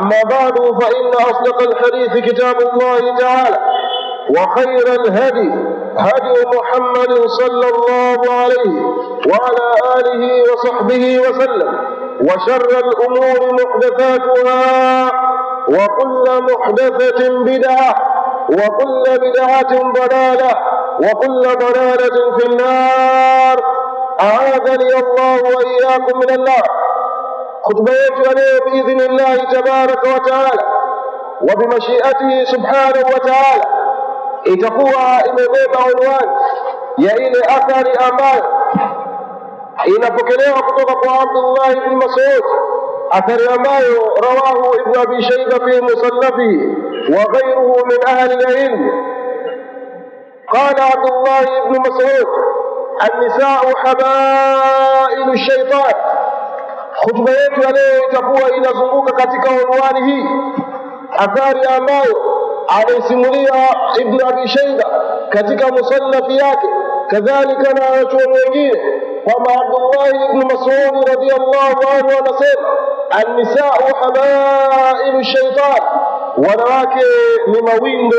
أما بعد فإن أصدق الحديث كتاب الله تعالى وخير الهدي هدي محمد صلى الله عليه وعلى آله وصحبه وسلم وشر الأمور محدثاتها وكل محدثة بدعة وكل بدعة ضلالة وكل ضلالة في النار أعاذني الله وإياكم من النار خطبيت عليه بإذن الله تبارك وتعالى وبمشيئته سبحانه وتعالى إتقوى إمبيب عنوان يأيل أثار أمان إن بكليه خطبك عبد الله بن مسعود أثر أمان رواه ابن أبي شيبة في مصنفه وغيره من أهل العلم قال عبد الله بن مسعود النساء حبائل الشيطان Hutuba yetu ya leo itakuwa inazunguka katika unwani hii, athari ambayo anaisimulia ibnu Abi Shaiba katika musannafi yake, kadhalika na wanachuoni wengine, kwamba Abdullahi ibn Mas'ud radhiyallahu anhu anasema annisau hamailu shaitan, wanawake ni mawindo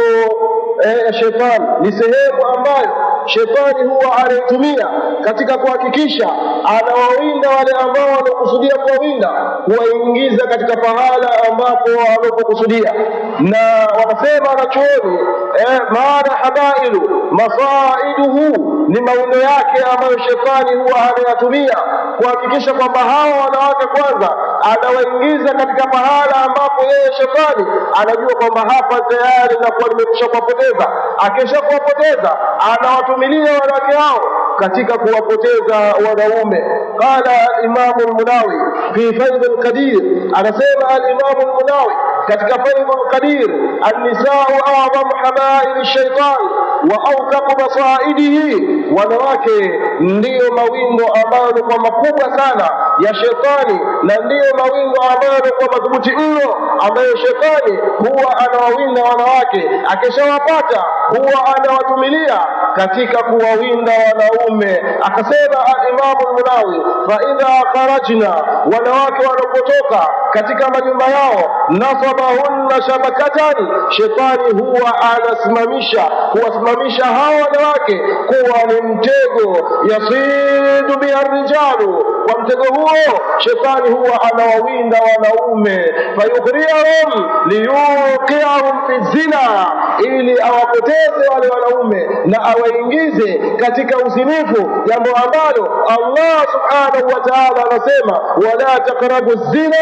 eh, ya eh, shetani, ni sehemu ambayo shetani huwa anaitumia katika kuhakikisha anawawinda wale ambao wanakusudia kuwawinda, kuwaingiza katika pahala ambapo wanapokusudia. Na wanasema wanachuoni eh, maana habailu masaiduhu ni maundo yake ambayo shetani huwa anayatumia kuhakikisha kwamba hawa wanawake kwanza anawaingiza katika pahala ambapo yeye shetani anajua kwamba hapa tayari nakuwa limekusha kuwapoteza. Akisha kuwapoteza, anawatumilia wanawake hao katika kuwapoteza wanaume. Qala Imamu Lmunawi fi Faidhi Lqadir, anasema Alimamu Lmunawi كتكفين قدير النساء أعظم حبائل الشيطان wa awthaqu basaidihi, wanawake ndiyo mawingo ambayo ni kwa makubwa sana ya shetani, na ndiyo mawingo ambayo ni kwa madhubuti mno, ambayo shetani huwa anawawinda wanawake, akishawapata huwa anawatumilia katika kuwawinda wanaume. Akasema Alimamu Lmunawi, fa idha kharajna, wanawake wanapotoka katika majumba yao, nasabahunna shabakatan, shetani huwa anasimamisha huwa kuwasababisha hawa wanawake kuwa ni mtego, yasidu biha rijalu, kwa mtego huo shetani huwa anawawinda wanaume, fayughriahum liyuqiahum fi zina ili awapoteze wale wanaume na awaingize katika uzinifu, jambo ambalo Allah subhanahu wa ta'ala anasema wala taqrabu zina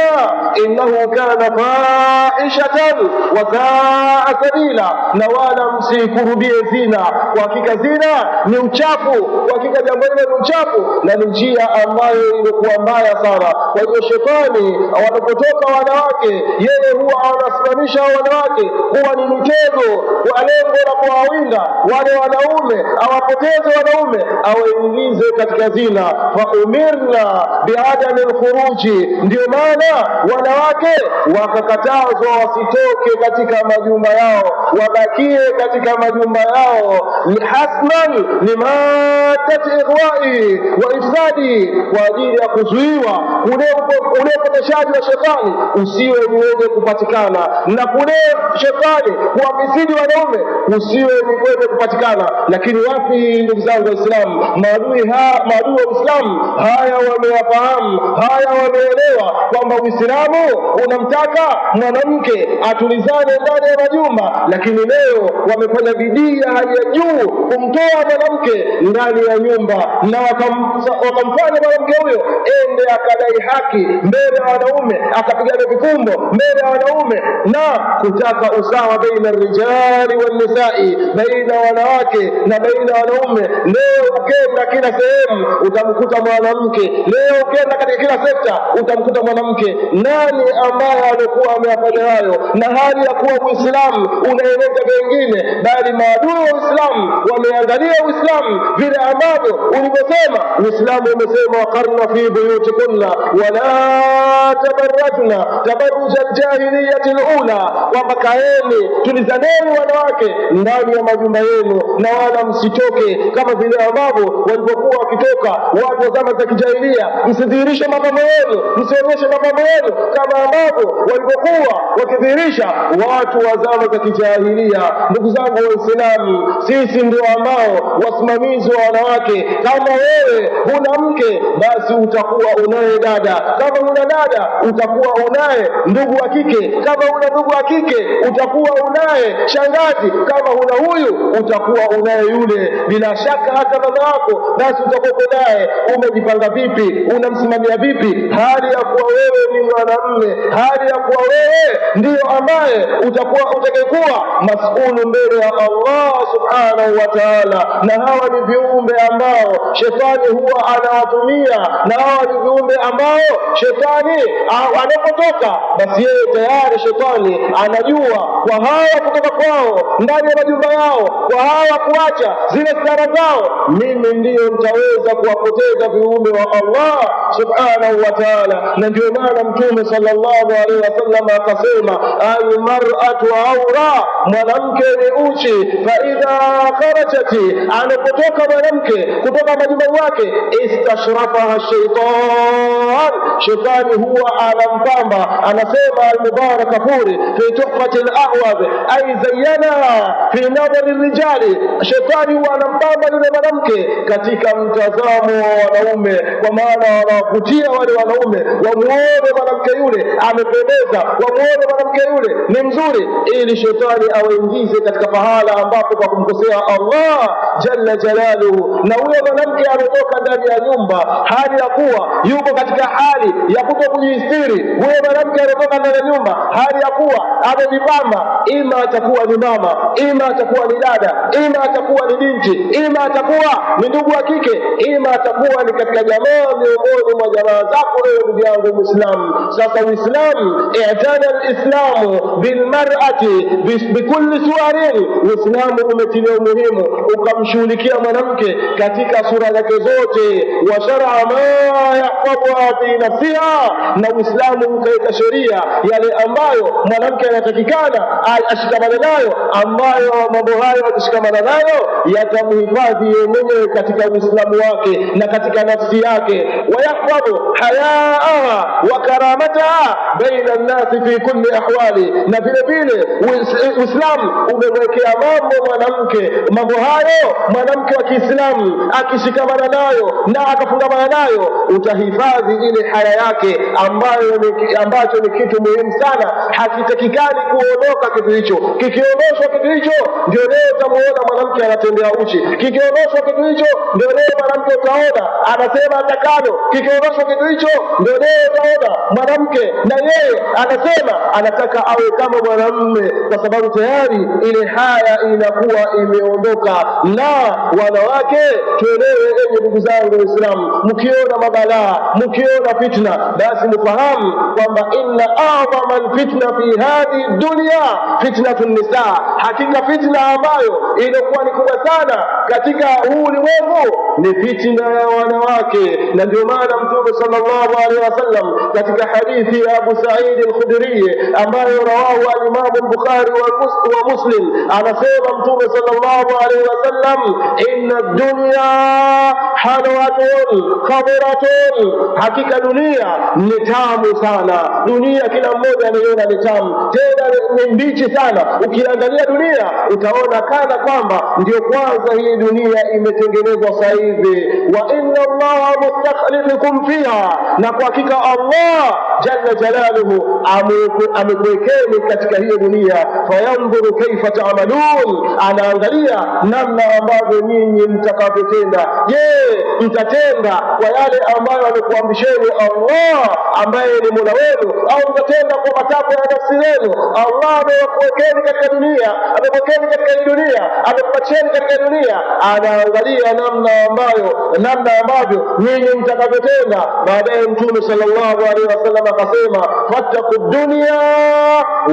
innahu kana faishatan wa saa sabila, na wala msikurubie zina, kwa hakika zina ni uchafu, kwa hakika jambo hilo ni uchafu na ni njia ambayo imekuwa mbaya sana. Kwa hiyo shetani wanapotoka wanawake, yeye huwa anasimamisha wanawake, huwa ni mtego kwa lengo la kuwawinda wale wanaume, awapoteze wanaume, awaingize katika zina. Fa umirna biadami lkhuruji, ndiyo maana wanawake wakakatazwa wasitoke katika majumba yao, wabakie katika majumba yao. Hasnan limadat ighwai wa ifsadi, kwa ajili ya kuzuiwa ule upotoshaji wa shetani usiwe uweze kupatikana na kule shetani kuwafisidi maadui wanaume usiwe kwenda kupatikana. Lakini wapi, ndugu zangu Waislamu, maadui ha maadui wa Uislamu haya wamewafahamu, haya wameelewa kwamba Uislamu unamtaka mwanamke atulizane ndani ya majumba, lakini leo wamefanya bidii ya hali ya juu kumtoa mwanamke ndani ya nyumba na wakamfanya mwanamke huyo ende akadai haki mbele ya wanaume, akapigana vifumbo mbele ya wanaume na kutaka usawa baina rijal lrijali wannisai, baina wanawake na baina wanaume. Leo ukenda kila sehemu utamkuta mwanamke, leo ukenda katika kila sekta utamkuta mwanamke. Nani ambaye alikuwa ameyafanya hayo, na hali ya kuwa Uislamu unaeleza vengine bali maadui wa Uislamu wameangalia Uislamu vile ambavyo ulivyosema. Uislamu umesema karna fi buyutikunna wala tabarrajna tabarruja aljahiliyati alula, kwamba kaeni tulizaneni wanawake ndani ya majumba yenu, na wala msitoke kama vile ambavyo walipokuwa wakitoka watu wa zama za kijahilia. Msidhihirishe mapambo yenu, msionyeshe mapambo yenu kama ambavyo walipokuwa wakidhihirisha watu wa zama za kijahilia. Ndugu zangu Waislamu, sisi ndio ambao wasimamizi wa wanawake. Kama wewe huna mke, basi utakuwa unaye dada. Kama una dada, utakuwa unaye ndugu wa kike. Kama una ndugu wa kike, utakuwa unaye usishangazi kama una huyu utakuwa unaye yule, bila shaka hata baba yako, basi utakuwa naye. Umejipanga vipi? Unamsimamia vipi? hali ya kuwa wewe ni mwanamme, hali ya kuwa wewe ndiyo ambaye utakuwa utakayekuwa mas'ulu mbele ya Allah subhanahu wa ta'ala. Na hawa ni viumbe ambao shetani huwa anawatumia, na hawa ni viumbe ambao shetani anapotoka, basi yeye tayari shetani anajua kwa hawa kutoka kwa yao, ndani ya majumba yao, kwa hawa kuacha zile stara zao, mimi ndiyo mtaweza kuwapoteza viumbe wa Allah subhanahu wa ta'ala. Na ndio maana Mtume sallallahu alaihi wasallam akasema, almar'atu aura, mwanamke ni uchi. faidha kharajati, anapotoka mwanamke kutoka majumbani wake, istashrafaha shaitan, shetani huwa anampamba. Anasema almubarak kafuri fi tuhfati alahwab aiza tabayyana fi nadhari rijali, shetani huwa anambamba yule mwanamke katika mtazamo wa wanaume, kwa maana wanawavutia wale wanaume wamuone mwanamke yule amependeza, wamuone mwanamke yule ni mzuri, ili shetani awaingize katika pahala ambapo kwa kumkosea Allah jalla jalaluhu, na huyo mwanamke ametoka ndani ya nyumba hali ya kuwa yuko katika hali ya kuto kujistiri, huyo mwanamke ametoka ndani ya nyumba hali ya kuwa amejipamba, ima atakuwa atakuwa ni mama, ima atakuwa ni dada, ima atakuwa ni binti, ima atakuwa ni ndugu wa kike, ima atakuwa ni katika jamaa miongoni mwa jamaa zako wewe ndugu yangu Muislamu. Sasa Uislamu, i'tana lislamu bilmarati bikulli suarin, Uislamu umetilia umuhimu ukamshughulikia mwanamke katika sura zake zote, wa shar'a ma yahfadhuha fi nafsiha, na Uislamu ukaweka sheria yale ambayo mwanamke anatakikana ashikamane nayo, ambayo mambo hayo akishikamana nayo yatamhifadhi yeye mwenyewe katika Uislamu wake na katika nafsi yake, wayahfadhu hayaaha wa karamataha baina nnasi fi kulli ahwali. Na vile vile Uislamu umemwekea mambo mwanamke, mambo hayo mwanamke wa Kiislamu akishikamana nayo na akafungamana nayo, utahifadhi ile haya yake ambayo ambacho ni kitu muhimu sana, hakitakikani kuondoka kitu hicho kiki Kikiondoshwa kitu hicho, ndio leo utamuona mwanamke anatembea uchi. Kikiondoshwa kitu hicho, ndio leo mwanamke utaona anasema atakalo. Kikiondoshwa kitu hicho, ndio leo utaona mwanamke na yeye anasema anataka awe kama mwanamume, kwa sababu tayari ile haya inakuwa imeondoka. Na wanawake tuelewe, enye ndugu zangu Waislamu, mkiona mabalaa, mkiona fitna, basi mfahamu kwamba inna adhama alfitna fi hadhi dunya fitnatun nisa bidhaa. Hakika fitna ambayo inakuwa ni kubwa sana katika huu ulimwengu ni fitna ya wanawake, na ndio maana Mtume sallallahu alaihi wasallam katika hadithi ya Abu Said al-Khudri ambayo rawahu al-Imam Bukhari wa Muslim, anasema Mtume sallallahu alaihi wasallam, inna dunya halwatun khadiratun, hakika dunia ni tamu sana. Dunia kila mmoja anaiona ni tamu, tena ni mbichi sana uki ukiangalia dunia utaona kana kwamba ndiyo kwanza hii dunia imetengenezwa sasa hivi. Wa inna Allaha mustakhlifukum fiha, na kwa hakika Allah jalla jalaluhu amekuwekeni katika hiyo dunia. Fayandhuru kaifa taamalun, anaangalia namna ambavyo nyinyi mtakavyotenda. Je, mtatenda kwa yale ambayo amekuamrisheni Allah ambaye ni mola wenu, au mtatenda kwa matakwa ya nafsi zenu? Allah amewakuwekeni katika dunia, amepokea katika dunia, amekupatia katika dunia, anaangalia namna ambayo namna ambavyo nyinyi mtakavyotenda. Baadaye Mtume sallallahu alaihi wasallam akasema, fattaqu dunia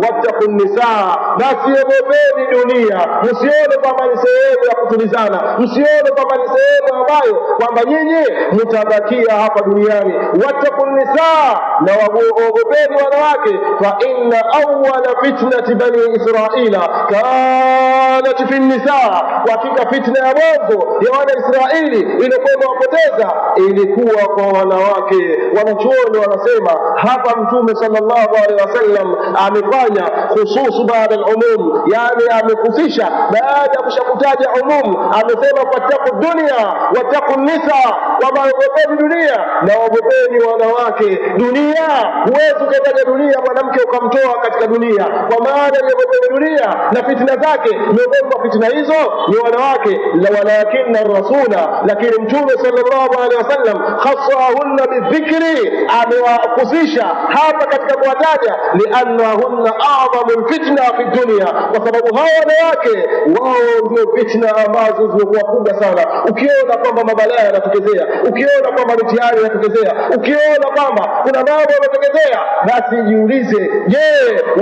wattaqu nisaa, nasiogopeni dunia, msione kwamba ni sehemu ya kutulizana, msione kwamba ni sehemu ambayo kwamba nyinyi mtabakia hapa duniani. Wattaqu nisaa, na waogopeni wanawake, fa inna awwala fitnati bani Israil المؤمنين كانت في النساء. Hakika fitna ya mwanzo ya wana Israeli iliyokuwa imewapoteza ilikuwa kwa wanawake. Wanachuoni wanasema hapa Mtume sallallahu alaihi wasallam amefanya khusus baada al-umum, yani amehusisha baada ya kushakutaja umum, amesema fattaku dunia wattaku nisa, kwamba ogopeni dunia na ogopeni wanawake. Dunia huwezi ukataja dunia mwanamke ukamtoa katika dunia, kwa maana iogopeni dunia dunia na fitina zake. Miongoni mwa fitina hizo ni wanawake. Walakina rasula, lakini mtume sallallahu alaihi wasallam khasahunna bidhikri, amewakusisha hapa katika kuwataja, liannahunna adhamu lfitna fi dunia, kwa sababu hawa wanawake wao ndio fitna ambazo zimekuwa kubwa sana. Ukiona kwamba mabalaa yanatokezea, ukiona kwamba mitihani yanatokezea, ukiona kwamba kuna mambo yanatokezea, basi jiulize, je,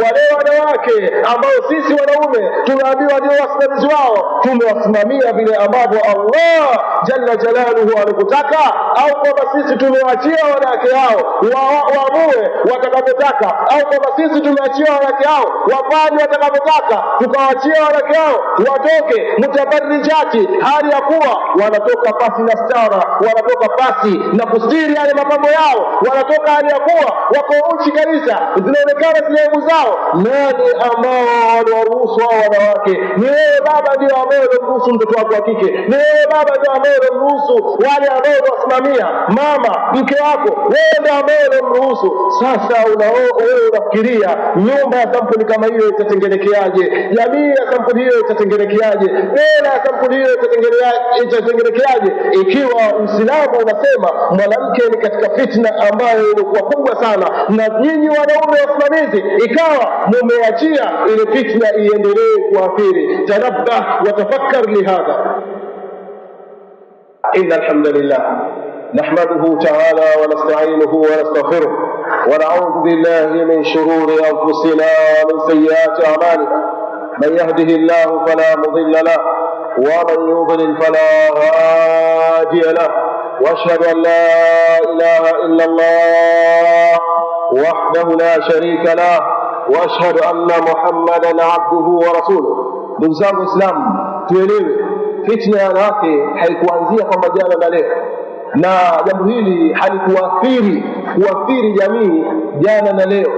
wale wanawake ambao si sisi wanaume tunaambiwa ndio wasimamizi wao, tumewasimamia vile ambavyo Allah jalla jalaluhu alikutaka, au kwamba sisi tumewaachia wanawake hao waamue watakavyotaka, au kwamba sisi tumeachia wanawake hao wafanye watakavyotaka, tukawaachia wanawake hao watoke mutabarijati, hali ya kuwa wanatoka pasi na stara, wanatoka pasi na kustiri yale mapambo yao, wanatoka hali ya kuwa wako uchi kabisa, zinaonekana zile zao. Nani ambao uliowaruhusu hao wanawake. Ni wewe baba ndio ambaye uliruhusu mtoto wako wa kike, ni wewe baba ndio ambaye uliruhusu wale ambao unawasimamia, mama mke wako, wewe ndio ambaye ulimruhusu. Sasa wewe unafikiria nyumba ya kampuni kama hiyo itatengenekeaje? Jamii ya kampuni hiyo itatengenekeaje? bela ya kampuni hiyo itatengenekeaje? Ikiwa Uislamu unasema mwanamke ni katika fitna ambayo ilikuwa kubwa sana, na nyinyi wanaume wasimamizi, ikawa mumeachia ile fitna لا iendelee إيه وافيري تنبه وتفكر لهذا إن الحمد لله نحمده تعالى ونستعينه ونستغفره ونعوذ بالله من شرور انفسنا ومن سيئات اعمالنا من يهده الله فلا مضل له ومن يضلل فلا هادي له واشهد ان لا اله الا الله وحده لا شريك له waashhadu anna muhammadan abduhu wa rasuluh. Ndugu zangu Waislamu, tuelewe fitna ya wanawake haikuanzia kwamba jana na leo, na jambo hili halikuathiri kuathiri jamii jana na leo.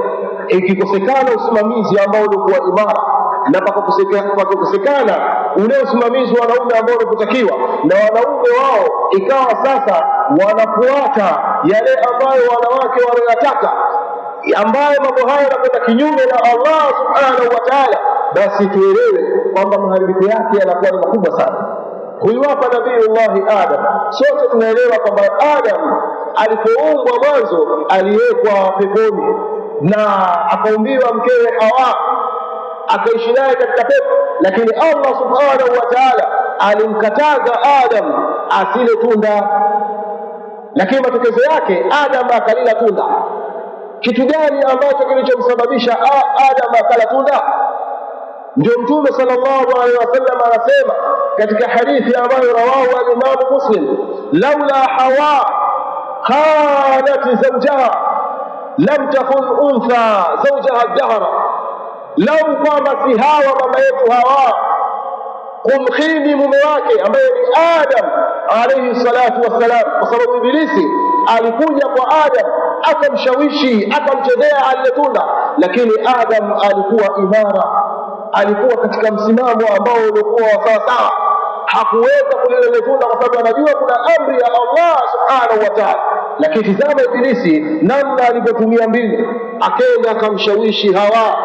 Ikikosekana usimamizi ambao ulikuwa imara na pakakosekana ule usimamizi wa wanaume ambao ulikutakiwa na wanaume wao, ikawa sasa wanafuata yale ambayo wanawake wanayataka ambayo mambo hayo yanakwenda kinyume na Allah subhanahu wa ta'ala, basi tuelewe kwamba maharibiko yake yanakuwa ni makubwa sana. huyu hapa nabiullahi Adam, sote tunaelewa kwamba Adam alipoumbwa mwanzo aliwekwa peponi na akaumbiwa mkewe Hawa akaishi naye katika pepo, lakini Allah subhanahu wa ta'ala alimkataza Adam asile tunda, lakini matokezo yake Adam akalila tunda kitu gani ambacho kilichomsababisha Adam akala tunda? Ndio Mtume sallallahu alaihi wasallam anasema katika hadithi ambayo rawahu al-Imam Muslim, laula hawa khanat zawjaha lam takun untha zawjaha dahra, lau kwamba si hawa mama yetu hawa kumkhini mume wake ambaye ni Adam alaihi salatu wassalam, kwa sababu Ibilisi alikuja kwa Adam akamshawishi akamchezea aliyetunda lakini adam alikuwa imara alikuwa katika msimamo ambao ulikuwa wa sawasawa hakuweza kulilelefuta kwa sababu anajua kuna amri ya Allah subhanahu wa ta'ala. Lakini tizama Ibilisi namna alivyotumia mbinu, akenda akamshawishi Hawa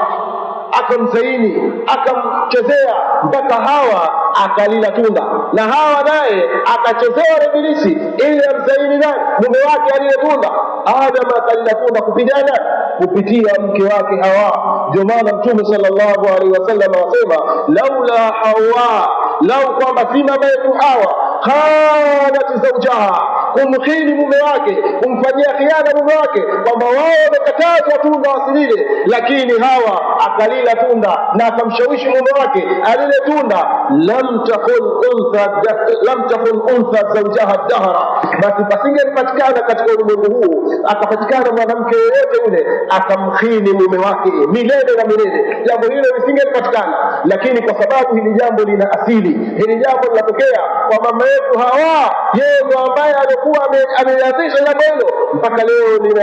akamzaini akamchezea mpaka Hawa akalila tunda, na Hawa naye akachezea na Ibilisi ili amzaini nani mume wake alile tunda. Adam akalila tunda kupigana kupitia mke wake Hawa. Ndio maana Mtume sallallahu alaihi wasallam anasema laula Hawa, lau kwamba si mama yetu Hawa khanat zaujaha kumkhini mume wake, kumfanyia khiana mume wake, kwamba wao wamekatazwa tunda wasilile, lakini hawa akalila tunda na akamshawishi mume wake alile tunda. lam takun untha lam takun untha zawjaha dahra, basi pasingepatikana katika ulimwengu huu akapatikana mwanamke yoyote yule akamkhini mume wake milele na milele, jambo hilo lisingepatikana. Lakini kwa sababu hili jambo lina asili, hili jambo linatokea kwa mama yetu Hawa, yeye ndo ambaye kuwa ameliatisha jambo hilo, mpaka leo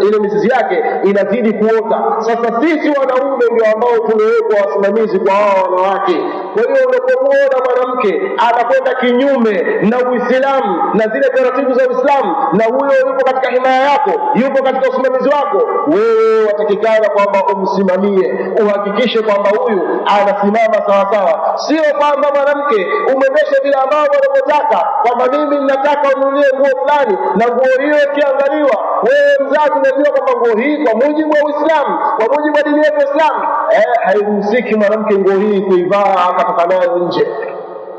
ile mizizi yake inazidi kuota. Sasa sisi wanaume ndio ambao tumewekwa wasimamizi kwa hawa wanawake. Kwa hiyo unapomwona mwanamke anakwenda kinyume na Uislamu na zile taratibu za Uislamu, na huyo yuko katika himaya yako, yuko katika usimamizi wako, wewe watakikana kwamba umsimamie, uhakikishe kwamba huyu anasimama sawasawa, sio kwamba mwanamke umendesha vile ambavyo unavyotaka kwamba mimi unataka ununue nguo fulani, na nguo hiyo ikiangaliwa, wewe mzazi unajua kwamba nguo hii kwa mujibu wa Uislamu, kwa mujibu wa dini yetu Uislamu, eh, hairuhusiki mwanamke nguo hii kuivaa akatoka nayo nje.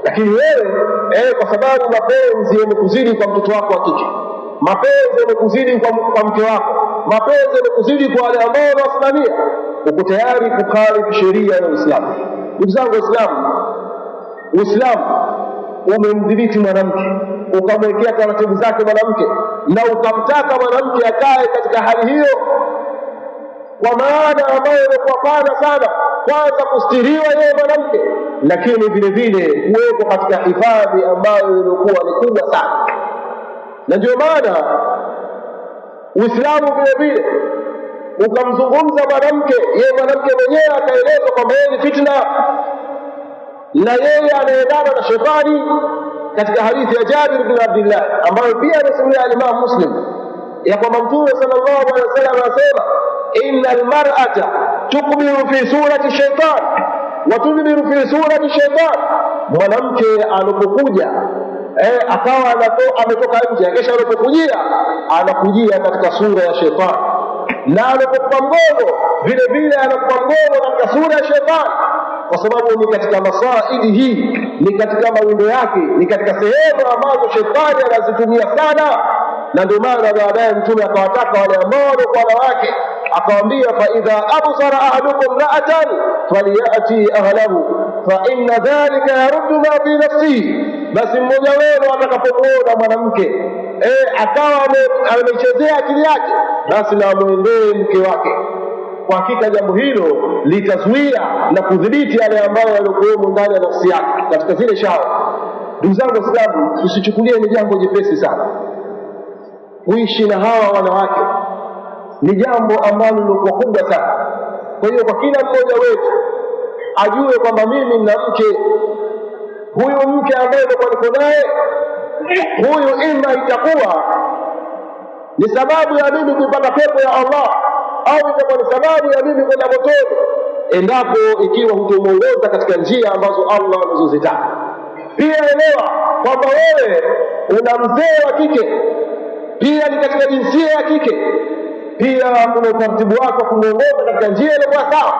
Lakini wewe eh, kwa sababu mapenzi yamekuzidi kwa mtoto wako wa kike, mapenzi yamekuzidi kwa mke wako, mapenzi yamekuzidi kwa wale ambao wanawasimamia, uko tayari kukali sheria ya Uislamu. Ndugu zangu Waislamu, Uislamu umemdhibiti mwanamke, ukamwekea taratibu zake mwanamke, na ukamtaka mwanamke akae katika hali hiyo, kwa maana ambayo imekuwa pana sana. Kwanza kustiriwa yeye mwanamke, lakini vile vile kuwekwa katika hifadhi ambayo imekuwa ni kubwa sana, na ndio maana Uislamu vile vile ukamzungumza mwanamke, yeye mwanamke mwenyewe akaelezwa kwamba yeye ni fitna na yeye ameendana na shetani katika hadithi ya Jabir bin Abdullah ambayo pia anasimulia Imam Muslim ya kwamba Mtume sallallahu alaihi wasallam anasema inna almar'ata tukbiru fi surati shaitan wa tudbiru fi surati shaitan, mwanamke anapokuja eh, akawa ametoka nje, kesha anapokujia anakujia katika sura ya shaitan, na anapokupa mgongo vile vile anakupa mgongo katika sura ya shaitan kwa sababu ni katika masaidi hii, ni katika mawindo yake, ni katika sehemu ambazo shetani anazitumia sana, na ndio maana baadaye Mtume akawataka wale ambao walikuwa wanawake fa idha absara ahadukum ra'atan falyati ahlahu fa inna dhalika yaruddu ma fi nafsihi, basi mmoja wenu atakapomwona mwanamke akawa amechezea akili yake, basi na amwendee mke wake kwa hakika jambo hilo litazuia na kudhibiti yale ambayo yaliokuwemo ndani ya nafsi yake katika zile shawa. Ndugu zangu Waislamu, tusichukulie ni jambo jepesi sana kuishi na hawa wanawake, ni jambo ambalo lilikuwa kubwa sana. Kwa hiyo kwa kila mmoja wetu ajue kwamba mimi nina mke huyu, mke ambaye nilikuwa niko naye huyu, ima itakuwa ni sababu ya mimi kuipata pepo ya Allah au itakuwa ni sababu ya mimi kwenda motoni, endapo ikiwa hutomwongoza katika njia ambazo Allah anazozitaka. Pia elewa kwamba wewe una mzee wa kike, pia ni katika jinsia ya kike, pia kuna utaratibu wako wa kumwongoza katika njia iliyokuwa sawa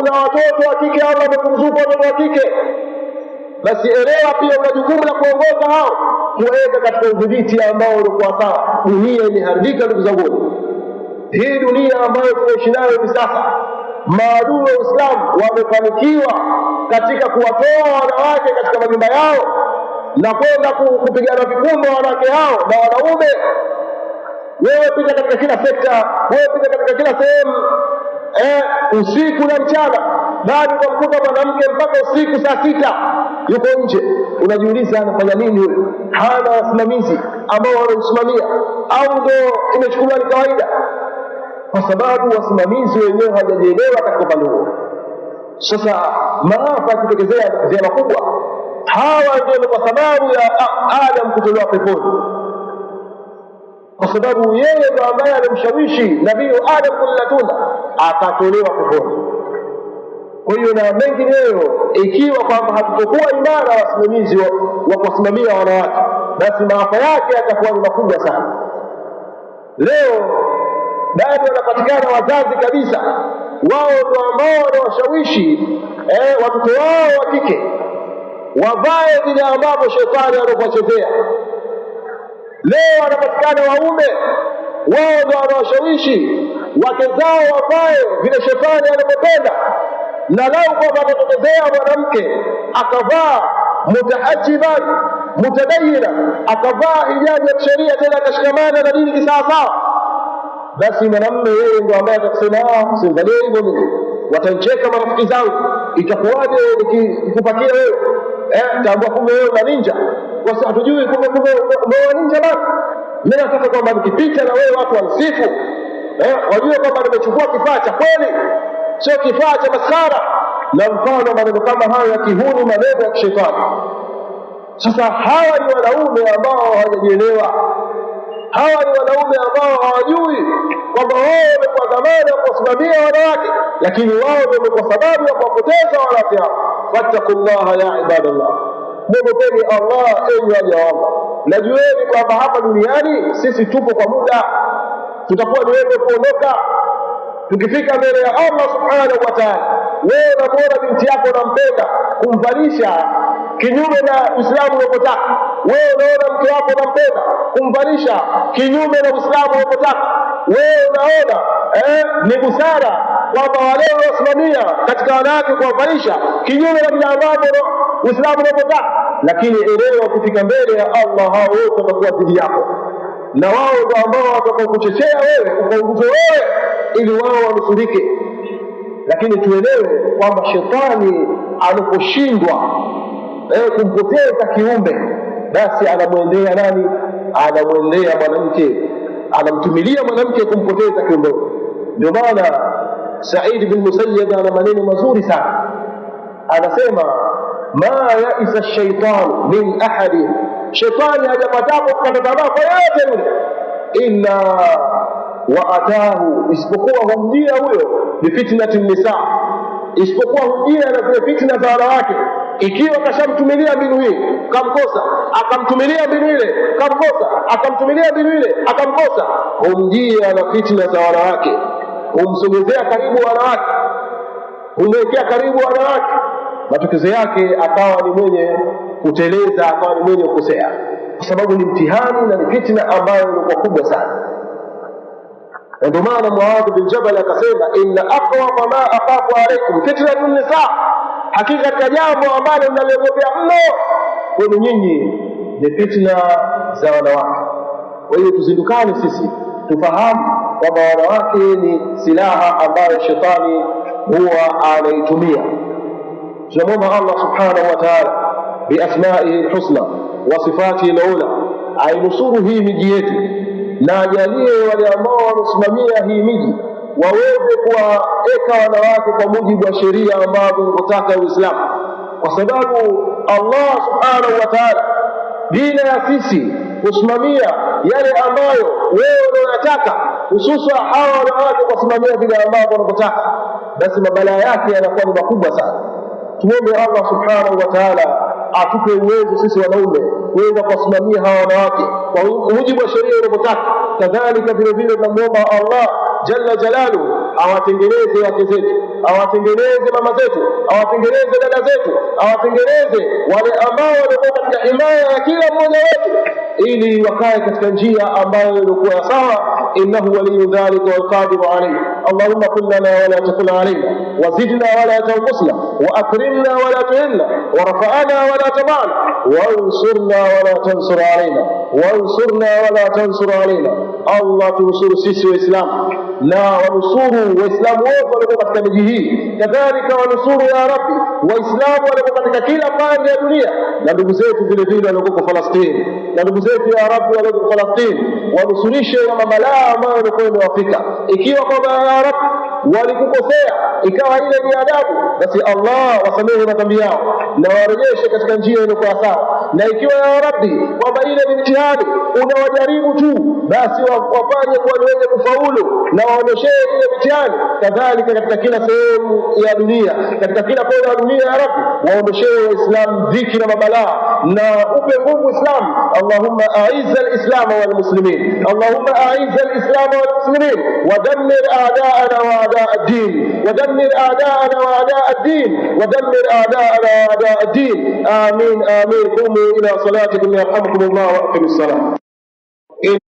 una watoto wa kike, Allah amekuruzuku watoto wa kike, basi elewa pia una jukumu la kuongoza hao, kuweka katika udhibiti ambao ulikuwa sawa. Dunia imeharibika, ndugu zangu. Hii dunia ambayo tunaishi nayo hivi sasa, maadui wa Uislamu wamefanikiwa katika kuwatoa wanawake katika majumba yao na kwenda kupigana vikumba wanawake hao na wanaume. Wewe pita katika kila sekta, wewe pita katika kila sehemu eh, usiku na mchana, bado utamkuta mwanamke mpaka usiku saa sita yuko nje. Unajiuliza anafanya nini Hana wasimamizi ambao wanamsimamia, au ndo imechukuliwa ni kawaida? kwa sababu wasimamizi wenyewe hawajajielewa katika upande huo. Sasa maafa yakitokezea zia makubwa, hawa ndio kwa sababu ya Adam kutolewa peponi, kwa sababu yeye ndo ambaye alimshawishi nabii Adam kullatuna akatolewa peponi. Kwa hiyo na mengineyo, ikiwa kwamba hatupokuwa imara wasimamizi wa kuwasimamia wanawake, basi maafa yake yatakuwa ni makubwa sana. Leo bado wanapatikana wazazi kabisa, wao ndio ambao wanawashawishi eh, watoto wao wa kike wavae vile ambavyo shetani anakuwachezea. Leo wanapatikana waume, wao ndio wanawashawishi wake zao wavae vile shetani anavyopenda, na lau kwamba atatokezea mwanamke akavaa mutahajiban mutadayina, akavaa hijabu ya kisheria, tena akashikamana na dini kisawasawa basi mwanamme yeye ndo ambaye atakusema ah, siangalie hivyo, watancheka marafiki zangu, itakuwaje nikikupakia wewe eh? Taambua kumbe wewe una ninja, kwa sababu hatujui kumbe kumbe wewe ninja bana. Mimi nataka kwamba nikipita na wewe watu wanisifu eh, wajue kwamba nimechukua kifaa cha kweli, sio kifaa cha maskhara na mfano maneno kama hayo ya kihuni, maneno ya kishetani. Sasa hawa ni wanaume ambao hawajajielewa hawa ni wanaume ambao hawajui kwamba wao wamekuwa dhamana ya kuwasimamia wanawake, lakini wao ndio wamekuwa sababu ya kuwapoteza wanawake hao. Fattakullaha ya ibadallah, mwogopeni Allah enyi waja Allah. Najueni kwamba hapa duniani sisi tupo kwa muda, tutakuwa ni wenye kuondoka. Tukifika mbele ya Allah subhanahu wa taala wewe unamwona binti yako unampenda, kumvalisha kinyume na Uislamu unapotaka. Wewe unaona mke wako unampenda, kumvalisha kinyume na Uislamu unapotaka. Wewe unaona eh, ni busara kwamba wale wanaosimamia katika wanawake kuwavalisha kinyume na vile ambavyo Uislamu unapotaka. Lakini elewa, kufika mbele ya Allah hao wote watakuwa dhidi yako, na wao ndio ambao watakao kuchochea wewe ukaunguze wewe, ili wao wanusurike. lakini tuelewe kwamba shetani anaposhindwa eh, kumpoteza kiumbe, basi anamwendea nani? Anamwendea mwanamke, anamtumilia mwanamke kumpoteza kiumbe. Ndio maana Said bin Musayyib ana maneno mazuri sana, anasema ma yaisa shaitan min ahadi, shetani hajapatapo kukata tamaa kwa yoyote yule illa wa atahu, isipokuwa humjia huyo bifitnati nisa, isipokuwa humjia na zile fitna za wanawake. Ikiwa kashamtumilia mbinu hii kamkosa, akamtumilia mbinu ile kamkosa, akamtumilia mbinu ile akamkosa, humjia na fitna za wanawake, humsogezea karibu wanawake, humwekea karibu wanawake, matokezo yake akawa ni mwenye kuteleza, akawa ni mwenye kukosea, kwa sababu ni mtihani na ni fitna ambayo ilikuwa kubwa sana. ndio maana Muadh bin Jabal akasema, inna aqwa ma akhafu alaykum fitnatun nisa, hakika katika jambo ambalo naliogopea mno kwenu nyinyi ni fitna za wanawake. Kwa hiyo tuzindukane sisi, tufahamu kwamba wanawake ni silaha ambayo shetani huwa anaitumia. Tunamwomba Allah subhanahu wa ta'ala biasmaihi lhusna wa sifatihi lula ainusuru hii miji yetu na ajalie wale ambao wamesimamia hii miji waweze kuwaweka wanawake kwa mujibu wa sheria ambazo unataka Uislamu, kwa sababu Allah subhanahu wa ta'ala, bila ya sisi kusimamia yale ambayo wewe unayotaka, hususa hawa wanawake kusimamia vile ambavyo wanavyotaka, basi mabala yake yanakuwa ni makubwa sana. Tuombe Allah subhanahu wa ta'ala atupe uwezo sisi wanaume kuweza kuwasimamia hawa wanawake kwa mujibu wa sheria inavyotaka. Kadhalika vile vile tunamwomba Allah jalla jalalu awatengeneze wake zetu, awatengeneze mama zetu, awatengeneze dada zetu, awatengeneze wale ambao waliokuwa himaya ya kila mmoja wetu, ili wakae katika njia ambayo ilikuwa sawa. innahu waliyu dhalika walqadiru alayhi allahumma kun lana wala takun alayna wazidna wala tanqusna waakrimna wala tuhilna warfa'na wala tabana wansurna wala tansur alayna wansurna wala tansur alayna allah tunsuru sisi waislamu na wanusuru Waislamu wote walioko katika miji hii, kadhalika wanusuru ya Rabbi Waislamu walioko katika kila pande ya dunia, na ndugu zetu vile vile walioko Falastini, na ndugu zetu ya Rabbi walioko Falastini, wanusurishe na mabalaa ambayo yalikuwa yamewafika. Ikiwa kwamba ya Rabbi walikukosea ikawa ile ni adabu, basi Allah wasamehe madhambi yao na warejeshe katika njia iliyokuwa sawa, na ikiwa ya Rabbi kwamba ile ni mtihani unawajaribu tu, basi wafanye kuwa niweze kufaulu na wawaonyeshe ile mitihani. Kadhalika katika kila sehemu ya dunia, katika kila kona ya dunia, ya Rabbi, waonyeshe Waislamu dhiki na mabalaa, na upe nguvu Uislamu. Allahumma aiza lislama walmuslimin, Allahumma aiza lislama walmuslimin, wadamir aadaana wa aadaa ddin, wadamir aadaana wa aadaa ddin, wadamir aadaana wa aadaa ddin. Amin, amin. Qumu ila salatikum yarhamukum llah waaqimu lsalah.